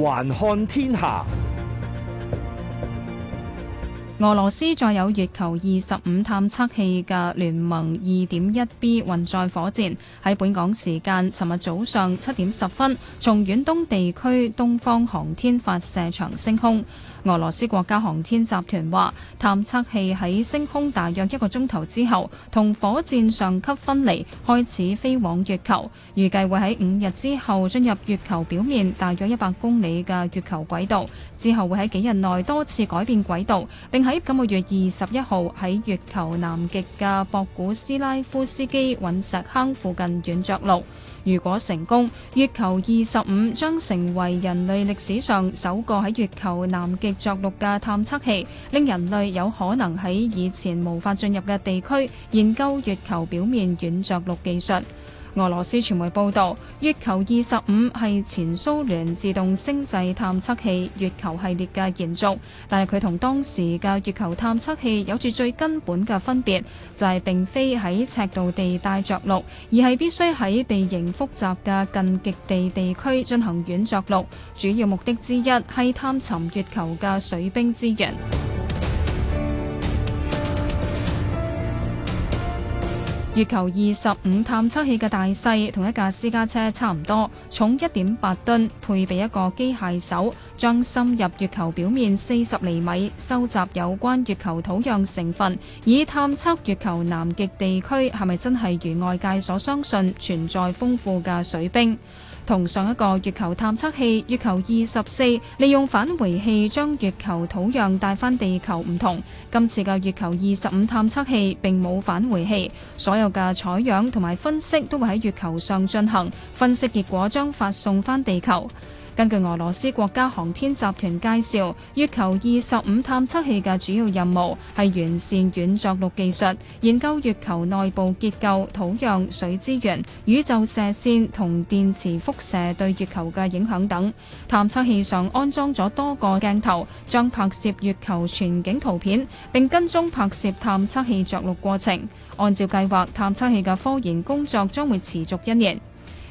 環看天下。俄羅斯再有月球二十五探測器嘅聯盟二點一 B 運載火箭喺本港時間尋日早上七點十分從遠東地區東方航天發射場升空。俄羅斯國家航天集團話，探測器喺升空大約一個鐘頭之後同火箭上級分離，開始飛往月球，預計會喺五日之後進入月球表面大約一百公里嘅月球軌道，之後會喺幾日內多次改變軌道，並喺今個月二十一號喺月球南極嘅博古斯拉夫斯基隕石坑附近軟着陸。如果成功，月球二十五將成為人類歷史上首個喺月球南極着陸嘅探測器，令人類有可能喺以前無法進入嘅地區研究月球表面軟着陸技術。俄羅斯傳媒報導，月球二十五係前蘇聯自動星際探測器月球系列嘅延續，但係佢同當時嘅月球探測器有住最根本嘅分別，就係、是、並非喺赤道地帶着陸，而係必須喺地形複雜嘅近極地地區進行軟着陸。主要目的之一係探尋月球嘅水冰資源。月球二十五探測器嘅大細同一架私家車差唔多，重一點八噸，配備一個機械手，將深入月球表面四十厘米，收集有關月球土壤成分，以探測月球南極地區係咪真係如外界所相信存在豐富嘅水冰。同上一個月球探測器月球二十四利用返回器將月球土壤帶返地球唔同，今次嘅月球二十五探測器並冇返回器，所有嘅採樣同埋分析都會喺月球上進行，分析結果將發送返地球。根據俄羅斯國家航天集團介紹，月球二十五探測器嘅主要任務係完善軟着陸技術，研究月球內部結構、土壤、水資源、宇宙射線同電磁輻射對月球嘅影響等。探測器上安裝咗多個鏡頭，將拍攝月球全景圖片，並跟蹤拍攝探測器着陸過程。按照計劃，探測器嘅科研工作將會持續一年。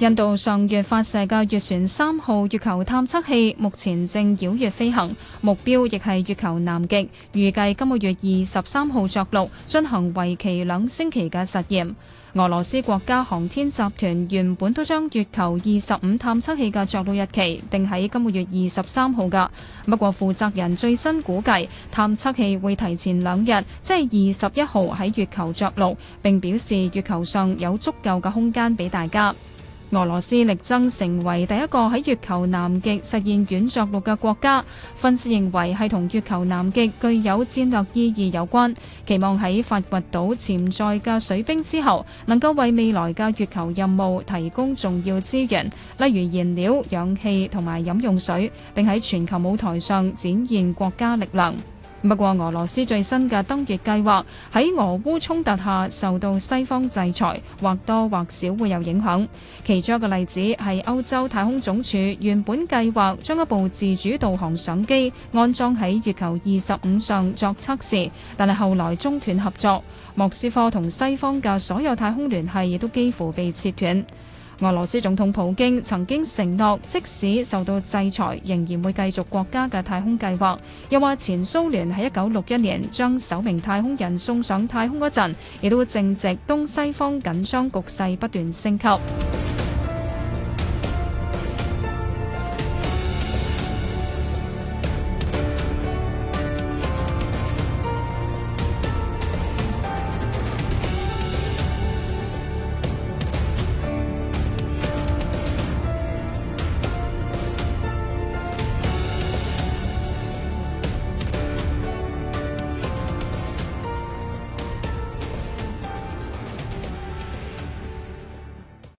印度上月發射嘅月船三號月球探測器目前正繞月飛行，目標亦係月球南極，預計今個月二十三號着陸，進行為期兩星期嘅實驗。俄羅斯國家航天集團原本都將月球二十五探測器嘅着陸日期定喺今個月二十三號噶，不過負責人最新估計，探測器會提前兩日，即係二十一號喺月球着陸，並表示月球上有足夠嘅空間俾大家。俄羅斯力爭成為第一個喺月球南極實現軟着陸嘅國家，分析認為係同月球南極具有戰略意義有關，期望喺發掘到潛在嘅水冰之後，能夠為未來嘅月球任務提供重要資源，例如燃料、氧氣同埋飲用水，並喺全球舞台上展現國家力量。不過，俄羅斯最新嘅登月計劃喺俄烏衝突下受到西方制裁，或多或少會有影響。其中一個例子係歐洲太空總署原本計劃將一部自主導航相機安裝喺月球二十五上作測試，但係後來中斷合作。莫斯科同西方嘅所有太空聯繫亦都幾乎被切斷。俄羅斯總統普京曾經承諾，即使受到制裁，仍然會繼續國家嘅太空計劃。又話前蘇聯喺一九六一年將首名太空人送上太空嗰陣，亦都會正值東西方緊張局勢不斷升級。